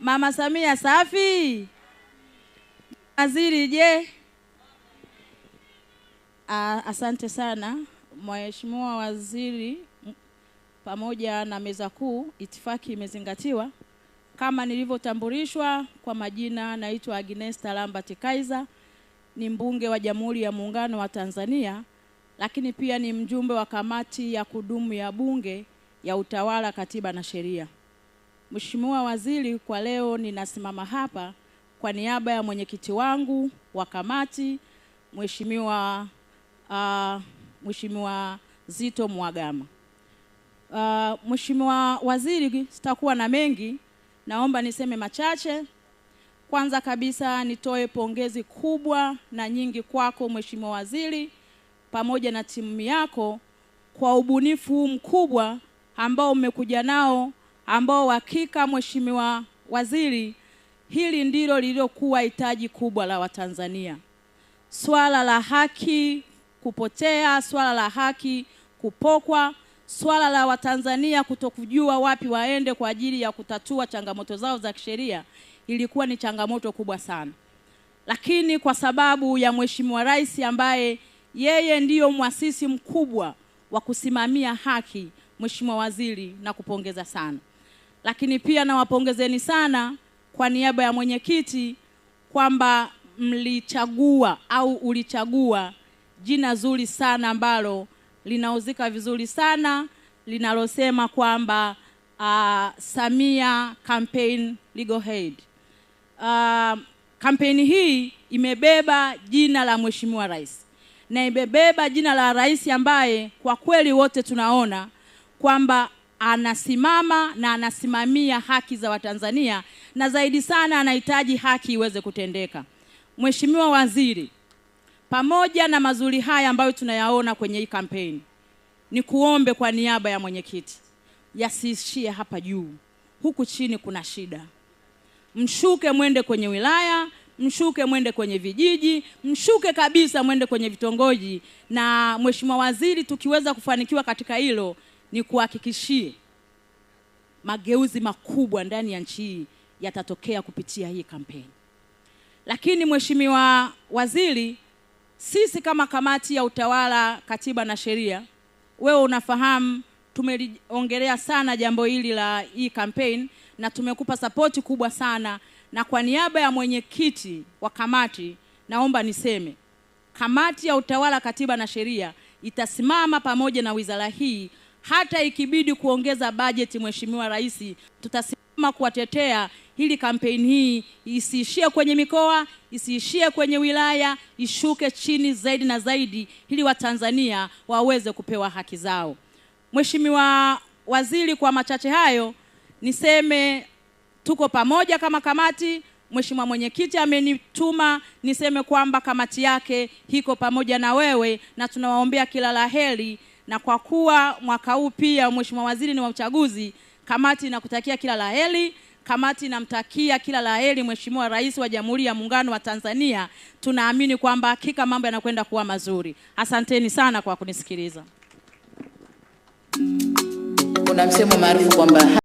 Mama Samia safi. Waziri je? Asante sana Mheshimiwa Waziri, pamoja na meza kuu, itifaki imezingatiwa. Kama nilivyotambulishwa kwa majina, naitwa Agnesta Lambert kaiser ni mbunge wa Jamhuri ya Muungano wa Tanzania, lakini pia ni mjumbe wa kamati ya kudumu ya Bunge ya Utawala, Katiba na Sheria. Mheshimiwa Waziri, kwa leo ninasimama hapa kwa niaba ya mwenyekiti wangu wa kamati Mheshimiwa uh, Mheshimiwa Zito Mwagama. Uh, Mheshimiwa Waziri, sitakuwa na mengi, naomba niseme machache. Kwanza kabisa nitoe pongezi kubwa na nyingi kwako Mheshimiwa Waziri pamoja na timu yako kwa ubunifu mkubwa ambao mmekuja nao ambao hakika, Mheshimiwa Waziri, hili ndilo lililokuwa hitaji kubwa la Watanzania. Swala la haki kupotea, swala la haki kupokwa, swala la Watanzania kutokujua wapi waende kwa ajili ya kutatua changamoto zao za kisheria ilikuwa ni changamoto kubwa sana, lakini kwa sababu ya Mheshimiwa Rais ambaye yeye ndiyo mwasisi mkubwa wa kusimamia haki, Mheshimiwa Waziri, na kupongeza sana lakini pia nawapongezeni sana kwa niaba ya mwenyekiti kwamba mlichagua au ulichagua jina zuri sana ambalo linauzika vizuri sana linalosema kwamba uh, Samia Campaign Legal Aid. Uh, ah, kampeni hii imebeba jina la Mheshimiwa Rais na imebeba jina la rais ambaye kwa kweli wote tunaona kwamba anasimama na anasimamia haki za Watanzania na zaidi sana anahitaji haki iweze kutendeka. Mheshimiwa Waziri, pamoja na mazuri haya ambayo tunayaona kwenye hii kampeni, ni kuombe kwa niaba ya mwenyekiti yasiishie hapa juu, huku chini kuna shida. Mshuke mwende kwenye wilaya, mshuke mwende kwenye vijiji, mshuke kabisa mwende kwenye vitongoji. Na Mheshimiwa Waziri, tukiweza kufanikiwa katika hilo ni kuhakikishie mageuzi makubwa ndani ya nchi hii yatatokea kupitia hii kampeni. Lakini Mheshimiwa Waziri, sisi kama kamati ya utawala, katiba na sheria, wewe unafahamu tumeliongelea sana jambo hili la hii kampeni na tumekupa sapoti kubwa sana, na kwa niaba ya mwenyekiti wa kamati naomba niseme kamati ya utawala, katiba na sheria itasimama pamoja na wizara hii hata ikibidi kuongeza bajeti, Mheshimiwa Rais, tutasimama kuwatetea ili Kampeni hii isiishie kwenye mikoa, isiishie kwenye wilaya, ishuke chini zaidi na zaidi, ili Watanzania waweze kupewa haki zao. Mheshimiwa Waziri, kwa machache hayo niseme tuko pamoja kama kamati. Mheshimiwa Mwenyekiti amenituma niseme kwamba kamati yake iko pamoja na wewe na tunawaombea kila la heri na kwa kuwa mwaka huu pia Mheshimiwa Waziri ni wa uchaguzi, kamati inakutakia kila la heri. Kamati inamtakia kila la heri Mheshimiwa Rais wa Jamhuri ya Muungano wa Tanzania. Tunaamini kwamba hakika mambo yanakwenda kuwa mazuri. Asanteni sana kwa kunisikiliza. Kuna msemo maarufu kwamba